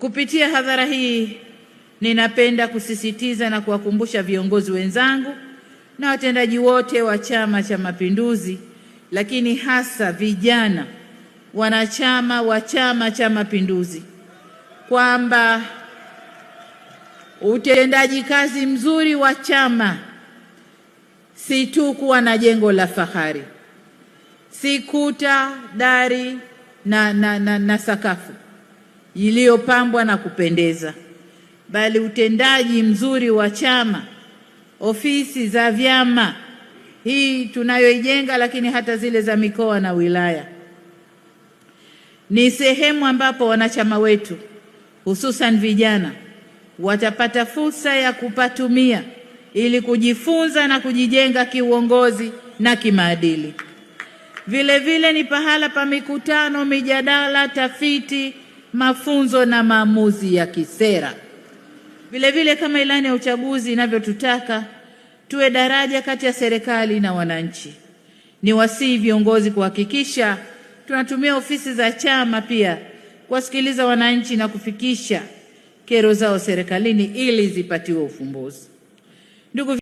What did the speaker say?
Kupitia hadhara hii, ninapenda kusisitiza na kuwakumbusha viongozi wenzangu na watendaji wote wa Chama cha Mapinduzi, lakini hasa vijana wanachama wa Chama cha Mapinduzi kwamba utendaji kazi mzuri wa chama si tu kuwa na jengo la fahari, si kuta, dari na, na, na, na sakafu iliyopambwa na kupendeza, bali utendaji mzuri wa chama, ofisi za vyama, hii tunayoijenga, lakini hata zile za mikoa na wilaya, ni sehemu ambapo wanachama wetu hususan vijana watapata fursa ya kupatumia ili kujifunza na kujijenga kiuongozi na kimaadili. Vile vile ni pahala pa mikutano, mijadala, tafiti mafunzo na maamuzi ya kisera. Vilevile, kama ilani ya uchaguzi inavyotutaka tuwe daraja kati ya serikali na wananchi, ni wasihi viongozi kuhakikisha tunatumia ofisi za chama pia kuwasikiliza wananchi na kufikisha kero zao serikalini ili zipatiwe ufumbuzi. Ndugu